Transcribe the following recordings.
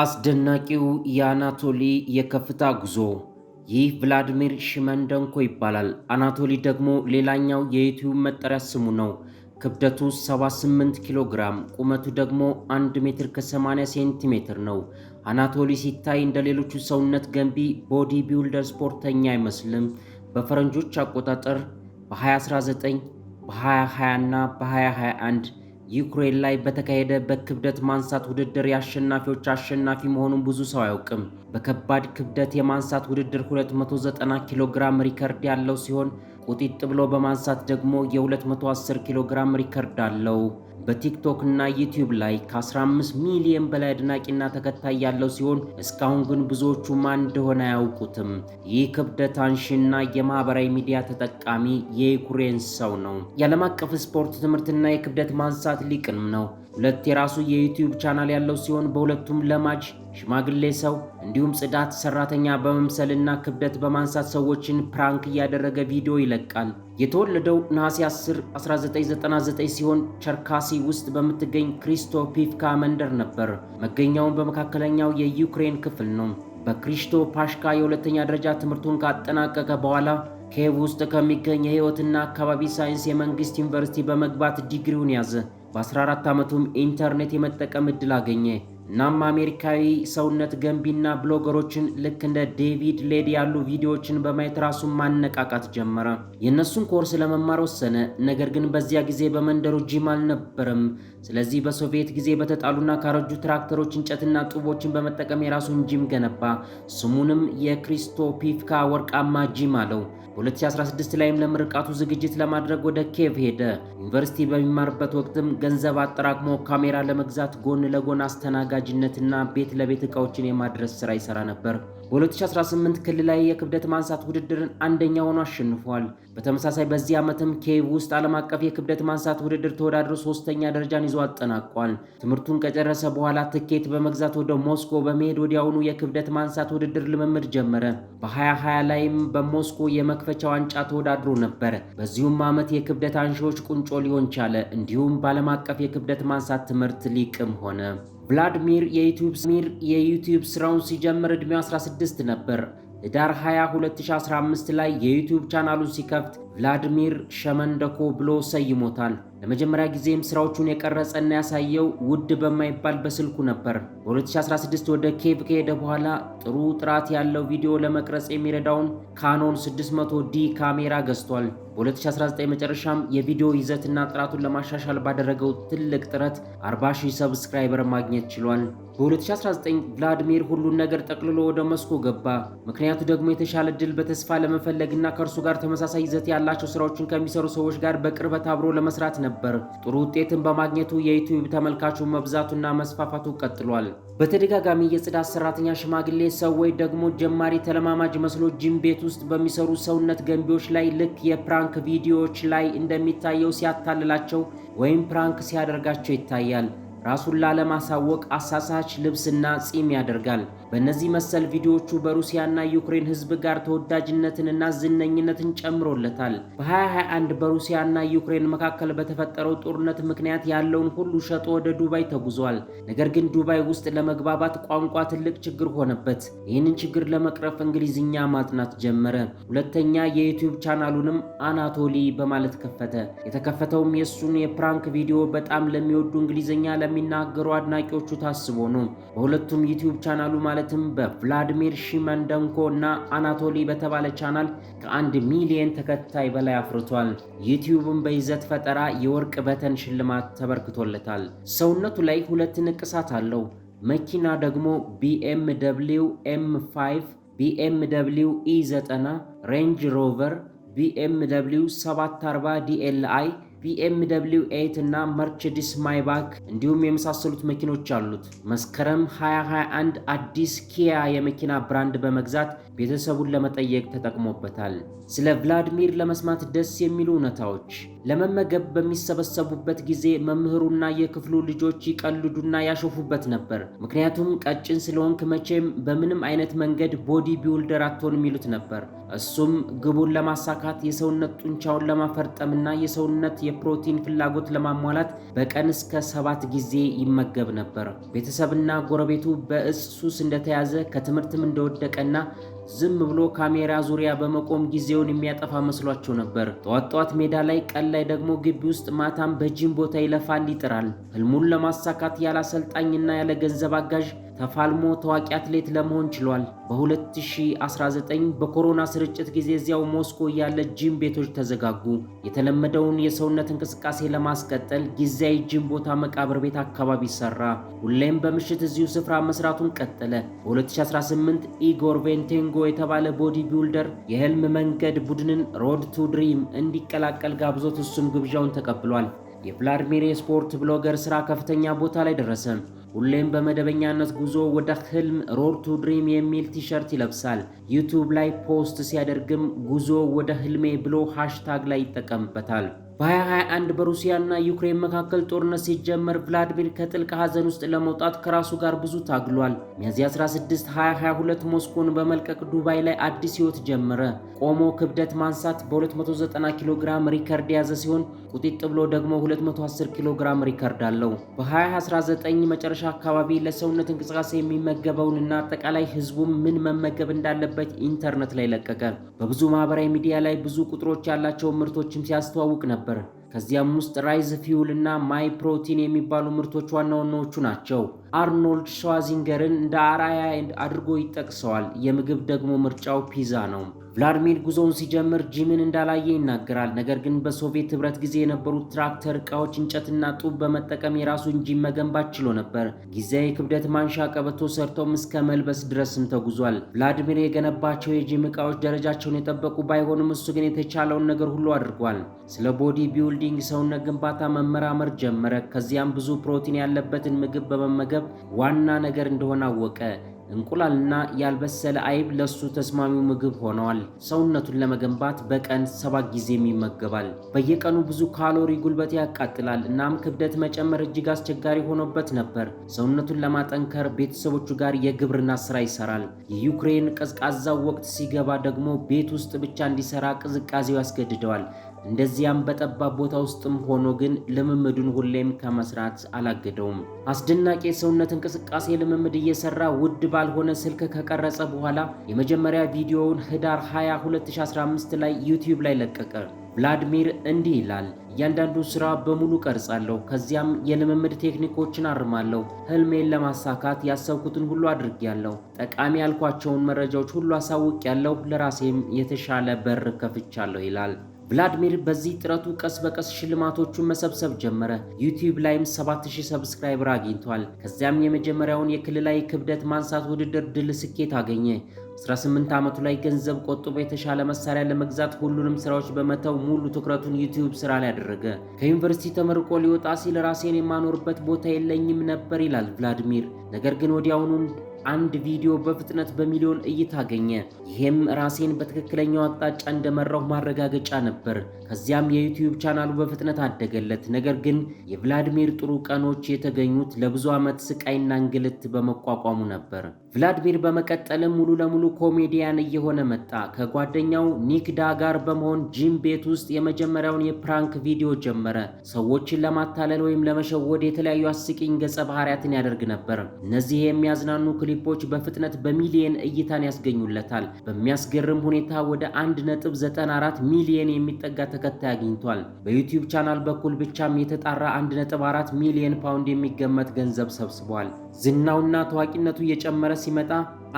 አስደናቂው የአናቶሊ የከፍታ ጉዞ። ይህ ቭላድሚር ሽመንደንኮ ይባላል። አናቶሊ ደግሞ ሌላኛው የዩቲዩብ መጠሪያ ስሙ ነው። ክብደቱ 78 ኪሎ ግራም፣ ቁመቱ ደግሞ 1 ሜትር ከ80 ሴንቲሜትር ነው። አናቶሊ ሲታይ እንደ ሌሎቹ ሰውነት ገንቢ ቦዲ ቢውልደር ስፖርተኛ አይመስልም። በፈረንጆች አቆጣጠር በ2019 በ2020 እና በ2021 ዩክሬን ላይ በተካሄደበት ክብደት ማንሳት ውድድር የአሸናፊዎች አሸናፊ መሆኑን ብዙ ሰው አያውቅም። በከባድ ክብደት የማንሳት ውድድር 290 ኪሎ ግራም ሪከርድ ያለው ሲሆን ቁጢጥ ብሎ በማንሳት ደግሞ የ210 ኪሎ ግራም ሪከርድ አለው። በቲክቶክ እና ዩቲዩብ ላይ ከ15 ሚሊዮን በላይ አድናቂና ተከታይ ያለው ሲሆን እስካሁን ግን ብዙዎቹ ማን እንደሆነ አያውቁትም። ይህ ክብደት አንሺና የማህበራዊ ሚዲያ ተጠቃሚ የዩክሬን ሰው ነው። የዓለም አቀፍ ስፖርት ትምህርትና የክብደት ማንሳት ሊቅንም ነው። ሁለት የራሱ የዩቲዩብ ቻናል ያለው ሲሆን በሁለቱም ለማጅ ሽማግሌ ሰው እንዲሁም ጽዳት ሰራተኛ በመምሰልና ክብደት በማንሳት ሰዎችን ፕራንክ እያደረገ ቪዲዮ ይለቃል። የተወለደው ነሐሴ 10 1999 ሲሆን ቸርካሲ ውስጥ በምትገኝ ክሪስቶ ፒፍካ መንደር ነበር። መገኛውን በመካከለኛው የዩክሬን ክፍል ነው። በክሪስቶ ፓሽካ የሁለተኛ ደረጃ ትምህርቱን ካጠናቀቀ በኋላ ኬቭ ውስጥ ከሚገኝ የህይወትና አካባቢ ሳይንስ የመንግስት ዩኒቨርሲቲ በመግባት ዲግሪውን ያዘ። በ14 ዓመቱም ኢንተርኔት የመጠቀም ዕድል አገኘ። እናም አሜሪካዊ ሰውነት ገንቢና ብሎገሮችን ልክ እንደ ዴቪድ ሌድ ያሉ ቪዲዮዎችን በማየት ራሱን ማነቃቃት ጀመረ። የእነሱን ኮርስ ለመማር ወሰነ። ነገር ግን በዚያ ጊዜ በመንደሩ ጂም አልነበረም። ስለዚህ በሶቪየት ጊዜ በተጣሉና ካረጁ ትራክተሮች እንጨትና ጡቦችን በመጠቀም የራሱን ጂም ገነባ። ስሙንም የክሪስቶፒፍካ ወርቃማ ጂም አለው። በ2016 ላይም ለምርቃቱ ዝግጅት ለማድረግ ወደ ኬቭ ሄደ። ዩኒቨርሲቲ በሚማርበት ወቅትም ገንዘብ አጠራቅሞ ካሜራ ለመግዛት ጎን ለጎን አስተናጋጅነትና ቤት ለቤት እቃዎችን የማድረስ ስራ ይሰራ ነበር። በ2018 ክልላዊ የክብደት ማንሳት ውድድርን አንደኛ ሆኖ አሸንፏል። በተመሳሳይ በዚህ ዓመትም ኬቭ ውስጥ ዓለም አቀፍ የክብደት ማንሳት ውድድር ተወዳድሮ ሶስተኛ ደረጃን ይዞ አጠናቋል። ትምህርቱን ከጨረሰ በኋላ ትኬት በመግዛት ወደ ሞስኮ በመሄድ ወዲያውኑ የክብደት ማንሳት ውድድር ልምምድ ጀመረ። በ2020 ላይም በሞስኮ የመክፈቻ ዋንጫ ተወዳድሮ ነበር። በዚሁም ዓመት የክብደት አንሺዎች ቁንጮ ሊሆን ቻለ። እንዲሁም በዓለም አቀፍ የክብደት ማንሳት ትምህርት ሊቅም ሆነ። ቭላድሚር የዩቲዩብ ስራውን ሲጀምር ዕድሜው 16 ነበር። ህዳር 20 2015 ላይ የዩቲዩብ ቻናሉን ሲከፍት ቭላድሚር ሸመንደኮ ብሎ ሰይሞታል። ለመጀመሪያ ጊዜም ስራዎቹን የቀረጸና ያሳየው ውድ በማይባል በስልኩ ነበር። በ2016 ወደ ኬቭ ከሄደ በኋላ ጥሩ ጥራት ያለው ቪዲዮ ለመቅረጽ የሚረዳውን ካኖን 600 ዲ ካሜራ ገዝቷል። በ2019 መጨረሻም የቪዲዮ ይዘትና ጥራቱን ለማሻሻል ባደረገው ትልቅ ጥረት 40 ሰብስክራይበር ማግኘት ችሏል። በ2019 ቭላድሚር ሁሉን ነገር ጠቅልሎ ወደ መስኮ ገባ። ምክንያቱ ደግሞ የተሻለ ድል በተስፋ ለመፈለግና ከእርሱ ጋር ተመሳሳይ ይዘት ያለ ያላቸው ስራዎችን ከሚሰሩ ሰዎች ጋር በቅርበት አብሮ ለመስራት ነበር። ጥሩ ውጤትን በማግኘቱ የዩቲዩብ ተመልካቹ መብዛቱና መስፋፋቱ ቀጥሏል። በተደጋጋሚ የጽዳት ሰራተኛ ሽማግሌ ሰው ወይ ደግሞ ጀማሪ ተለማማጅ መስሎ ጅም ቤት ውስጥ በሚሰሩ ሰውነት ገንቢዎች ላይ ልክ የፕራንክ ቪዲዮዎች ላይ እንደሚታየው ሲያታልላቸው ወይም ፕራንክ ሲያደርጋቸው ይታያል። ራሱን ላለማሳወቅ አሳሳች ልብስና ጺም ያደርጋል። በእነዚህ መሰል ቪዲዮዎቹ በሩሲያና ዩክሬን ህዝብ ጋር ተወዳጅነትንና ዝነኝነትን ጨምሮለታል። በ2021 በሩሲያና ዩክሬን መካከል በተፈጠረው ጦርነት ምክንያት ያለውን ሁሉ ሸጦ ወደ ዱባይ ተጉዟል። ነገር ግን ዱባይ ውስጥ ለመግባባት ቋንቋ ትልቅ ችግር ሆነበት። ይህንን ችግር ለመቅረፍ እንግሊዝኛ ማጥናት ጀመረ። ሁለተኛ የዩቲዩብ ቻናሉንም አናቶሊ በማለት ከፈተ። የተከፈተውም የእሱን የፕራንክ ቪዲዮ በጣም ለሚወዱ እንግሊዝኛ ለሚናገሩ አድናቂዎቹ ታስቦ ነው። በሁለቱም ዩቲዩብ ቻናሉ ማለትም በቭላድሚር ሺመንደንኮ እና አናቶሊ በተባለ ቻናል ከአንድ ሚሊየን ተከታይ በላይ አፍርቷል። ዩቲዩብን በይዘት ፈጠራ የወርቅ በተን ሽልማት ተበርክቶለታል። ሰውነቱ ላይ ሁለት ንቅሳት አለው። መኪና ደግሞ ቢኤም ደብሊው ኤም 5 ቢኤም ደብሊው ኢ 90 ሬንጅ ሮቨር ቢኤም ደብሊው 740 ዲኤልአይ ቢኤምደብሊው ኤይት እና መርቸዲስ ማይባክ እንዲሁም የመሳሰሉት መኪኖች አሉት። መስከረም 2021 አዲስ ኪያ የመኪና ብራንድ በመግዛት ቤተሰቡን ለመጠየቅ ተጠቅሞበታል። ስለ ቭላድሚር ለመስማት ደስ የሚሉ እውነታዎች ለመመገብ በሚሰበሰቡበት ጊዜ መምህሩና የክፍሉ ልጆች ይቀልዱና ያሾፉበት ነበር። ምክንያቱም ቀጭን ስለሆንክ መቼም በምንም አይነት መንገድ ቦዲ ቢውልደር አትሆንም ይሉት ነበር። እሱም ግቡን ለማሳካት የሰውነት ጡንቻውን ለማፈርጠምና የሰውነት የፕሮቲን ፍላጎት ለማሟላት በቀን እስከ ሰባት ጊዜ ይመገብ ነበር። ቤተሰብና ጎረቤቱ በእጽ ሱስ እንደተያዘ ከትምህርትም እንደወደቀና ዝም ብሎ ካሜራ ዙሪያ በመቆም ጊዜውን የሚያጠፋ መስሏቸው ነበር። ጠዋት ጠዋት ሜዳ ላይ፣ ቀን ላይ ደግሞ ግቢ ውስጥ፣ ማታም በጂም ቦታ ይለፋል፣ ይጥራል። ህልሙን ለማሳካት ያለ አሰልጣኝና ያለ ገንዘብ አጋዥ ተፋልሞ ታዋቂ አትሌት ለመሆን ችሏል። በ2019 በኮሮና ስርጭት ጊዜ እዚያው ሞስኮ ያለ ጂም ቤቶች ተዘጋጉ። የተለመደውን የሰውነት እንቅስቃሴ ለማስቀጠል ጊዜያዊ ጂም ቦታ መቃብር ቤት አካባቢ ሰራ። ሁሌም በምሽት እዚሁ ስፍራ መስራቱን ቀጠለ። በ2018 ኢጎር ቬንቴንጎ የተባለ ቦዲ ቢውልደር የህልም መንገድ ቡድንን ሮድ ቱ ድሪም እንዲቀላቀል ጋብዞት እሱም ግብዣውን ተቀብሏል። የቭላድሚር የስፖርት ብሎገር ስራ ከፍተኛ ቦታ ላይ ደረሰ። ሁሌም በመደበኛነት ጉዞ ወደ ህልም ሮድ ቱ ድሪም የሚል ቲሸርት ይለብሳል። ዩቱብ ላይ ፖስት ሲያደርግም ጉዞ ወደ ህልሜ ብሎ ሃሽታግ ላይ ይጠቀምበታል። በ2021 በሩሲያና ዩክሬን መካከል ጦርነት ሲጀመር ቭላዲሚር ከጥልቅ ሐዘን ውስጥ ለመውጣት ከራሱ ጋር ብዙ ታግሏል። ሚያዝያ 16 2022 ሞስኮን በመልቀቅ ዱባይ ላይ አዲስ ሕይወት ጀመረ። ቆሞ ክብደት ማንሳት በ290 ኪሎ ግራም ሪከርድ የያዘ ሲሆን ቁጢጥ ብሎ ደግሞ 210 ኪሎ ግራም ሪከርድ አለው። በ2019 መጨረሻ አካባቢ ለሰውነት እንቅስቃሴ የሚመገበውን እና አጠቃላይ ህዝቡም ምን መመገብ እንዳለበት ኢንተርኔት ላይ ለቀቀ። በብዙ ማህበራዊ ሚዲያ ላይ ብዙ ቁጥሮች ያላቸው ምርቶችም ሲያስተዋውቅ ነበር። baper ከዚያም ውስጥ ራይዝ ፊውል እና ማይ ፕሮቲን የሚባሉ ምርቶች ዋና ዋናዎቹ ናቸው። አርኖልድ ሸዋዚንገርን እንደ አራያ አድርጎ ይጠቅሰዋል። የምግብ ደግሞ ምርጫው ፒዛ ነው። ቭላድሚር ጉዞውን ሲጀምር ጂምን እንዳላየ ይናገራል። ነገር ግን በሶቪየት ህብረት ጊዜ የነበሩት ትራክተር እቃዎች እንጨትና ጡብ በመጠቀም የራሱን ጂም መገንባት ችሎ ነበር። ጊዜያዊ ክብደት ማንሻ ቀበቶ ሰርተውም እስከ መልበስ ድረስም ተጉዟል። ቭላድሚር የገነባቸው የጂም ዕቃዎች ደረጃቸውን የጠበቁ ባይሆንም እሱ ግን የተቻለውን ነገር ሁሉ አድርጓል። ስለ ቦዲ ቢውል ቦዲቢልዲንግ ሰውነት ግንባታ መመራመር ጀመረ። ከዚያም ብዙ ፕሮቲን ያለበትን ምግብ በመመገብ ዋና ነገር እንደሆነ አወቀ። እንቁላልና ያልበሰለ አይብ ለሱ ተስማሚው ምግብ ሆነዋል። ሰውነቱን ለመገንባት በቀን ሰባት ጊዜም ይመገባል። በየቀኑ ብዙ ካሎሪ ጉልበት ያቃጥላል። እናም ክብደት መጨመር እጅግ አስቸጋሪ ሆኖበት ነበር። ሰውነቱን ለማጠንከር ቤተሰቦቹ ጋር የግብርና ስራ ይሰራል። የዩክሬን ቀዝቃዛው ወቅት ሲገባ ደግሞ ቤት ውስጥ ብቻ እንዲሰራ ቅዝቃዜው ያስገድደዋል። እንደዚያም በጠባብ ቦታ ውስጥም ሆኖ ግን ልምምዱን ሁሌም ከመስራት አላገደውም። አስደናቂ የሰውነት እንቅስቃሴ ልምምድ እየሰራ ውድ ባልሆነ ስልክ ከቀረጸ በኋላ የመጀመሪያ ቪዲዮውን ህዳር 20 2015 ላይ ዩቲዩብ ላይ ለቀቀ። ቭላድሚር እንዲህ ይላል። እያንዳንዱ ስራ በሙሉ ቀርጻለሁ። ከዚያም የልምምድ ቴክኒኮችን አርማለሁ። ህልሜን ለማሳካት ያሰብኩትን ሁሉ አድርጌያለሁ። ጠቃሚ ያልኳቸውን መረጃዎች ሁሉ አሳውቅ ያለው ለራሴም የተሻለ በር ከፍቻለሁ ይላል። ቭላድሚር በዚህ ጥረቱ ቀስ በቀስ ሽልማቶቹን መሰብሰብ ጀመረ። ዩቲዩብ ላይም 7000 ሰብስክራይበር አግኝቷል። ከዚያም የመጀመሪያውን የክልላዊ ክብደት ማንሳት ውድድር ድል ስኬት አገኘ። 18 ዓመቱ ላይ ገንዘብ ቆጥቦ የተሻለ መሳሪያ ለመግዛት ሁሉንም ስራዎች በመተው ሙሉ ትኩረቱን ዩቲዩብ ስራ ላይ አደረገ። ከዩኒቨርሲቲ ተመርቆ ሊወጣ ሲል ራሴን የማኖርበት ቦታ የለኝም ነበር ይላል ቭላድሚር። ነገር ግን ወዲያውኑ አንድ ቪዲዮ በፍጥነት በሚሊዮን እይታ አገኘ። ይህም ራሴን በትክክለኛው አቅጣጫ እንደመራሁ ማረጋገጫ ነበር። ከዚያም የዩቲዩብ ቻናሉ በፍጥነት አደገለት። ነገር ግን የቭላድሚር ጥሩ ቀኖች የተገኙት ለብዙ ዓመት ስቃይና እንግልት በመቋቋሙ ነበር። ቭላድሚር በመቀጠልም ሙሉ ለሙሉ ኮሜዲያን እየሆነ መጣ። ከጓደኛው ኒክ ዳ ጋር በመሆን ጂም ቤት ውስጥ የመጀመሪያውን የፕራንክ ቪዲዮ ጀመረ። ሰዎችን ለማታለል ወይም ለመሸወድ የተለያዩ አስቂኝ ገጸ ባህሪያትን ያደርግ ነበር። እነዚህ የሚያዝናኑ ክሊፖች በፍጥነት በሚሊየን እይታን ያስገኙለታል። በሚያስገርም ሁኔታ ወደ 1.94 ሚሊየን የሚጠጋ ተከታይ አግኝቷል። በዩቲዩብ ቻናል በኩል ብቻም የተጣራ 1.4 ሚሊየን ፓውንድ የሚገመት ገንዘብ ሰብስቧል። ዝናውና ታዋቂነቱ እየጨመረ ሲመጣ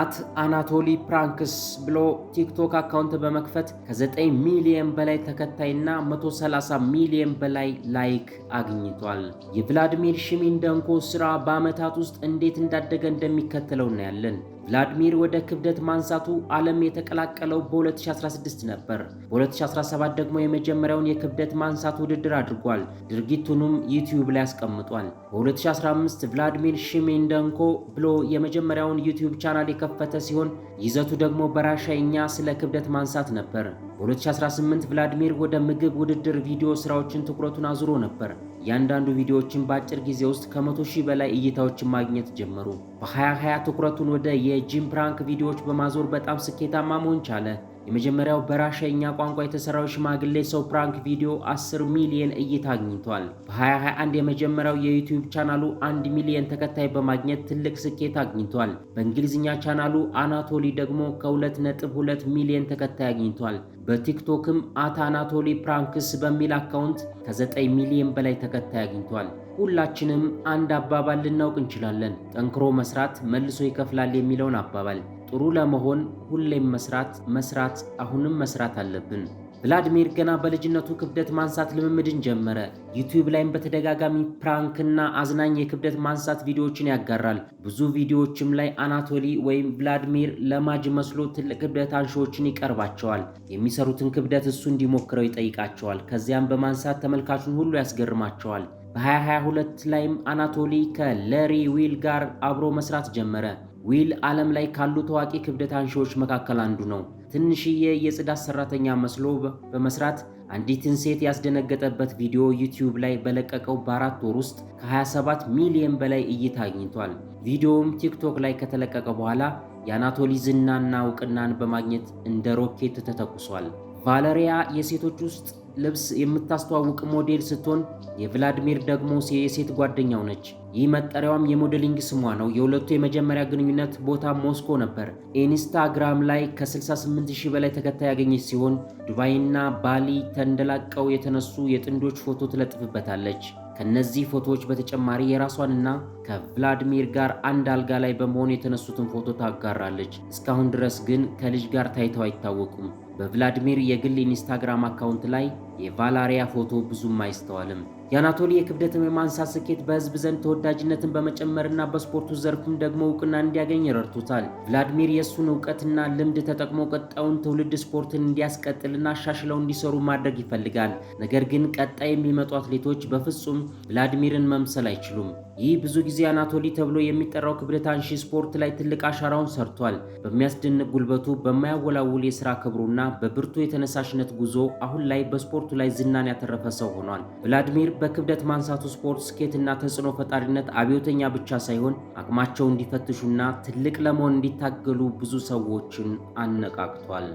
አት አናቶሊ ፕራንክስ ብሎ ቲክቶክ አካውንት በመክፈት ከ9 ሚሊየን በላይ ተከታይና 130 ሚሊየን በላይ ላይክ አግኝቷል። የቭላድሚር ደንኮ ስራ በዓመታት ውስጥ እንዴት እንዳደገ እንደሚከተለው እናያለን። ቭላድሚር ወደ ክብደት ማንሳቱ ዓለም የተቀላቀለው በ2016 ነበር። በ2017 ደግሞ የመጀመሪያውን የክብደት ማንሳት ውድድር አድርጓል። ድርጊቱንም ዩቲዩብ ላይ አስቀምጧል። በ2015 ቭላድሚር ሽሜንደንኮ ብሎ የመጀመሪያውን ዩቲዩብ ቻናል የከፈተ ሲሆን ይዘቱ ደግሞ በራሻይኛ ስለ ክብደት ማንሳት ነበር። በ2018 ቭላዲሚር ወደ ምግብ ውድድር ቪዲዮ ስራዎችን ትኩረቱን አዙሮ ነበር። እያንዳንዱ ቪዲዮዎችን በአጭር ጊዜ ውስጥ ከመቶ ሺህ በላይ እይታዎችን ማግኘት ጀመሩ። በ2020 ትኩረቱን ወደ የጂም ፕራንክ ቪዲዮዎች በማዞር በጣም ስኬታማ መሆን ቻለ። የመጀመሪያው በራሻኛ ቋንቋ የተሰራው ሽማግሌ ሰው ፕራንክ ቪዲዮ 10 ሚሊዮን እይታ አግኝቷል። በ2021 የመጀመሪያው የዩቲዩብ ቻናሉ 1 ሚሊዮን ተከታይ በማግኘት ትልቅ ስኬት አግኝቷል። በእንግሊዝኛ ቻናሉ አናቶሊ ደግሞ ከ2.2 ሚሊዮን ተከታይ አግኝቷል። በቲክቶክም አት አናቶሊ ፕራንክስ በሚል አካውንት ከ9 ሚሊዮን በላይ ተከታይ አግኝቷል። ሁላችንም አንድ አባባል ልናውቅ እንችላለን። ጠንክሮ መስራት መልሶ ይከፍላል የሚለውን አባባል ጥሩ ለመሆን ሁሌም መስራት መስራት አሁንም መስራት አለብን። ቭላድሚር ገና በልጅነቱ ክብደት ማንሳት ልምምድን ጀመረ። ዩቲዩብ ላይም በተደጋጋሚ ፕራንክና አዝናኝ የክብደት ማንሳት ቪዲዮዎችን ያጋራል። ብዙ ቪዲዮዎችም ላይ አናቶሊ ወይም ቭላድሚር ለማጅ መስሎ ትልቅ ክብደት አንሺዎችን ይቀርባቸዋል። የሚሰሩትን ክብደት እሱ እንዲሞክረው ይጠይቃቸዋል። ከዚያም በማንሳት ተመልካቹን ሁሉ ያስገርማቸዋል። በ2022 ላይም አናቶሊ ከለሪ ዊል ጋር አብሮ መስራት ጀመረ። ዊል ዓለም ላይ ካሉ ታዋቂ ክብደት አንሺዎች መካከል አንዱ ነው። ትንሽዬ የጽዳት ሰራተኛ መስሎ በመስራት አንዲትን ሴት ያስደነገጠበት ቪዲዮ ዩቲዩብ ላይ በለቀቀው በአራት ወር ውስጥ ከ27 ሚሊዮን በላይ እይታ አግኝቷል። ቪዲዮውም ቲክቶክ ላይ ከተለቀቀ በኋላ የአናቶሊ ዝናና እውቅናን በማግኘት እንደ ሮኬት ተተኩሷል። ቫለሪያ የሴቶች ውስጥ ልብስ የምታስተዋውቅ ሞዴል ስትሆን የቭላድሚር ደግሞ የሴት ጓደኛው ነች። ይህ መጠሪያዋም የሞዴሊንግ ስሟ ነው። የሁለቱ የመጀመሪያ ግንኙነት ቦታ ሞስኮ ነበር። ኢንስታግራም ላይ ከ68000 በላይ ተከታይ ያገኘች ሲሆን ዱባይና ባሊ ተንደላቀው የተነሱ የጥንዶች ፎቶ ትለጥፍበታለች። ከነዚህ ፎቶዎች በተጨማሪ የራሷንና ከቭላድሚር ጋር አንድ አልጋ ላይ በመሆን የተነሱትን ፎቶ ታጋራለች። እስካሁን ድረስ ግን ከልጅ ጋር ታይተው አይታወቁም። በቭላድሚር የግል ኢንስታግራም አካውንት ላይ የቫላሪያ ፎቶ ብዙም አይስተዋልም። የአናቶሊ የክብደት የማንሳት ስኬት በህዝብ ዘንድ ተወዳጅነትን በመጨመርና በስፖርቱ ዘርፍም ደግሞ እውቅና እንዲያገኝ ረድቶታል። ቭላድሚር የእሱን እውቀትና ልምድ ተጠቅሞ ቀጣዩን ትውልድ ስፖርትን እንዲያስቀጥልና አሻሽለው እንዲሰሩ ማድረግ ይፈልጋል። ነገር ግን ቀጣይ የሚመጡ አትሌቶች በፍጹም ቭላድሚርን መምሰል አይችሉም። ይህ ብዙ ጊዜ አናቶሊ ተብሎ የሚጠራው ክብደት አንሺ ስፖርት ላይ ትልቅ አሻራውን ሰርቷል። በሚያስደንቅ ጉልበቱ፣ በማያወላውል የሥራ ክብሩና በብርቱ የተነሳሽነት ጉዞ አሁን ላይ በስፖርቱ ላይ ዝናን ያተረፈ ሰው ሆኗል። ቭላድሚር በክብደት ማንሳቱ ስፖርት ስኬትና ተጽዕኖ ፈጣሪነት አብዮተኛ ብቻ ሳይሆን አቅማቸውን እንዲፈትሹና ትልቅ ለመሆን እንዲታገሉ ብዙ ሰዎችን አነቃቅቷል።